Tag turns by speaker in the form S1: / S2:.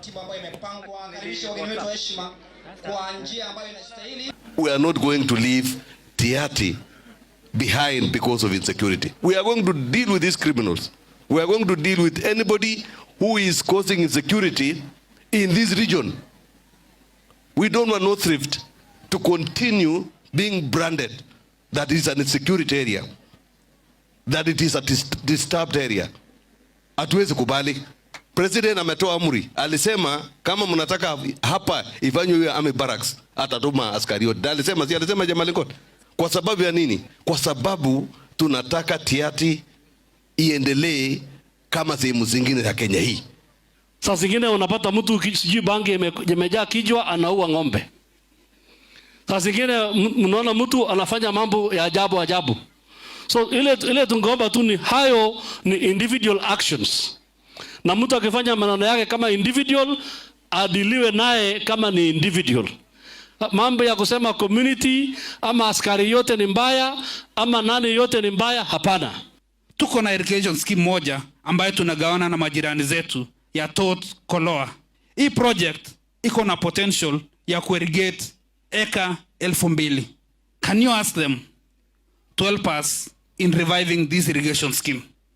S1: ratiba ambayo imepangwa. Karibisha wageni wetu wa heshima kwa njia ambayo inastahili. We are not going to leave Tiaty behind because of insecurity. We are going to deal with these criminals. We are going to deal with anybody who is causing insecurity in this region. We don't want North Rift to continue being branded that is an insecurity area, that it is a dis disturbed area. Hatuwezi kubali. President ametoa amri, alisema kama mnataka hapa ifanywe hiyo army barracks, atatuma askari wote. Alisema si alisema Jamalingoni? Kwa sababu ya nini? Kwa sababu tunataka tiati iendelee kama sehemu zingine za Kenya hii.
S2: Saa zingine unapata mtu sijui bangi imejaa kijwa anaua ng'ombe. Saa zingine mnaona mtu anafanya mambo ya ajabu ajabu. So ile ile tungeomba tu ni hayo ni individual actions na mtu akifanya maneno yake kama individual adiliwe naye kama ni individual. Mambo ya kusema community ama askari yote ni mbaya ama nani yote ni mbaya, hapana.
S3: Tuko na irrigation scheme moja ambayo tunagawana na majirani zetu ya Tot Koloa. Hii project iko na potential ya kuirrigate eka elfu mbili. Can you ask them to help us in reviving this irrigation scheme?